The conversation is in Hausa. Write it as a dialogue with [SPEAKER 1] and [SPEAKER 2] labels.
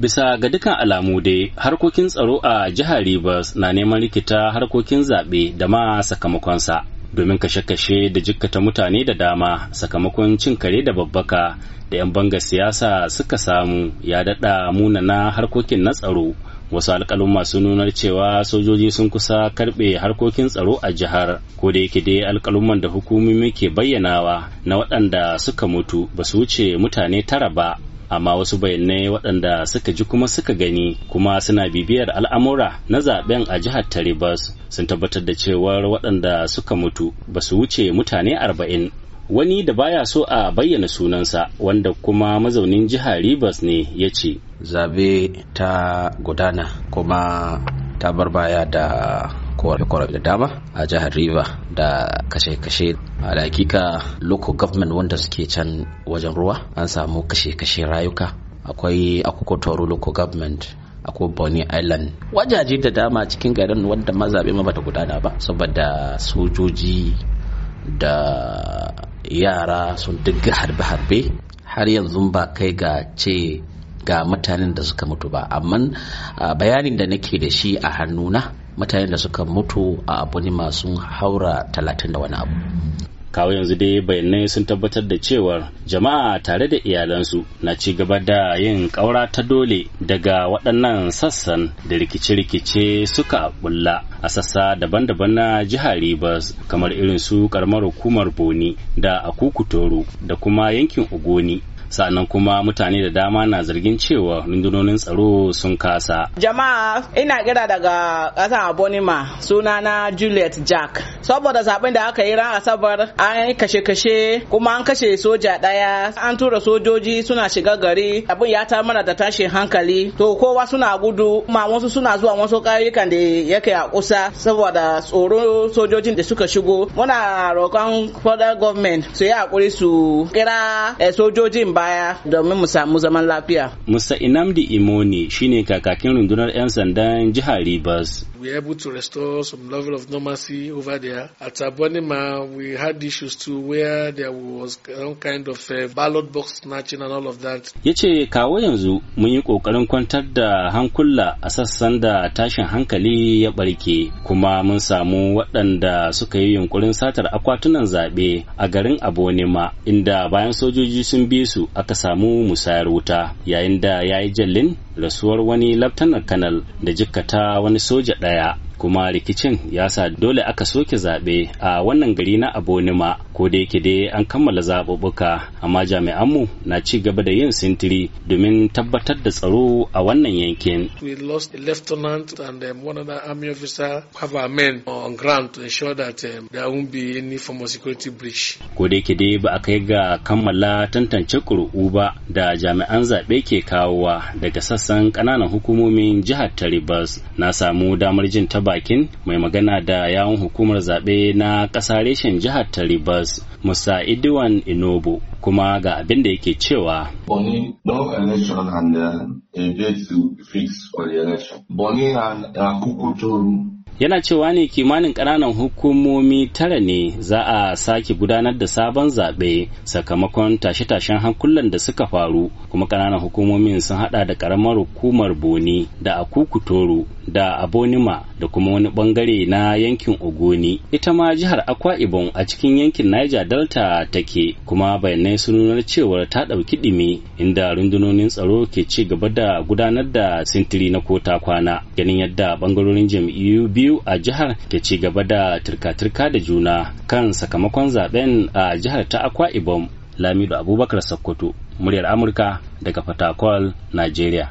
[SPEAKER 1] bisa ga dukan alamu dai harkokin tsaro a jihar Rivers na neman rikita harkokin zaɓe da ma sakamakonsa domin kashe-kashe da jikkata mutane da dama sakamakon cin kare da babbaka da 'yan banga siyasa suka samu ya daɗa munana harkokin na tsaro wasu alƙalin masu nunar cewa sojoji sun kusa karɓe harkokin tsaro a jihar ko da yake dai alƙalumman da hukumomi ke bayyanawa na waɗanda suka mutu ba su wuce mutane tara ba amma wasu bayanai waɗanda suka ji kuma suka gani kuma suna bibiyar al'amura na zaben a jihar taribas sun tabbatar da cewar waɗanda suka mutu ba su wuce mutane arba'in wani da baya so a bayyana sunansa wanda kuma mazaunin jihar rivers ne ya ce zabe ta gudana kuma ta bar baya da
[SPEAKER 2] kowar da dama a jihar riva da kashe-kashe a hakika local government wanda suke can wajen ruwa an samu kashe-kashe rayuka akwai akukotoro local government akwai Bonny Island wajaje da dama cikin garin wanda mazaɓe ma bata gudana ba saboda sojoji da yara sun digga harbe-harbe har yanzu ba kai ga ce ga mutanen da suka mutu ba amma bayanin da nake da shi a hannuna mutanen da suka mutu
[SPEAKER 1] a abu ne masu haura talatin da wani abu kawo yanzu dai bayanai sun tabbatar da cewar jama'a tare da iyalansu na ci gaba da yin ƙaura ta dole daga waɗannan sassan da rikice-rikice suka bulla a sassa daban-daban na jihar Ribas kamar irin su ƙaramar hukumar Boni da Akukutoro da kuma yankin Ogoni sa'annan kuma mutane da dama na zargin cewa rundunonin tsaro sun kasa
[SPEAKER 3] jama'a ina kira daga ƙasar abonima na juliet jack saboda zaɓen da aka yi ran asabar an yi kashe-kashe kuma an kashe soja ɗaya an tura sojoji suna shiga gari abin ya ta mana da tashin hankali to kowa suna gudu ma wasu suna zuwa wasu ƙauyukan da yake a kusa saboda tsoro sojojin da suka shigo muna roƙon federal government su yi hakuri su kira eh, sojojin ba baya domin mu samu zaman lafiya.
[SPEAKER 1] Musa Inamdi Imoni shine kakakin rundunar 'yan sandan jihar Rivers.
[SPEAKER 4] We are able to restore some level of normalcy over there. At Abonima, we had issues too where there was some kind of uh, ballot box snatching and all of that.
[SPEAKER 1] Ya ce kawo yanzu mun yi ƙoƙarin kwantar da hankula a sassan da tashin hankali ya ɓarke kuma mun samu waɗanda suka yi yunkurin satar akwatunan zaɓe a garin Abonima inda bayan sojoji sun bi su aka samu musayar wuta yayin da ya yi jallin rasuwar wani laftanar kanal da jikkata wani soja ɗaya kuma rikicin ya sa dole aka soke zaɓe a wannan gari na abonima ko da yake dai an kammala zaɓuɓɓuka amma jami'anmu na ci gaba da yin sintiri domin tabbatar da tsaro a wannan yankin.
[SPEAKER 4] We lost a lieutenant and um, one other army officer have our men on ground to ensure that um, there won't be any form of security breach.
[SPEAKER 1] Ko da yake dai ba a kai ga kammala tantance ƙuri'u ba da jami'an zaɓe ke kawowa daga sassan ƙananan hukumomin jihar Taribas na samu damar jin taba bakin mai magana da yawon hukumar zaɓe na ƙasa reshen jihar ta Rivers Musa Idiwan Inobo kuma ga abin da yake cewa. Bonny yana cewa ne kimanin ƙananan hukumomi tara ne za a sake gudanar da sabon zaɓe sakamakon tashe-tashen hankulan da suka faru kuma ƙananan hukumomin sun hada da ƙaramar hukumar boni da akukutoro da abonima da kuma wani bangare na yankin ogoni ita ma jihar akwa ibom a cikin yankin niger delta take kuma bayanai sun nuna cewar ta ɗauki ɗimi inda rundunonin tsaro ke ci gaba da gudanar da sintiri na kota kwana ganin yadda bangarorin jam'iyyu biyu a jihar ke ci gaba da turka-turka da juna kan sakamakon zaben a jihar ta akwa ibom lamido abubakar sokoto muryar amurka daga fatakol nigeria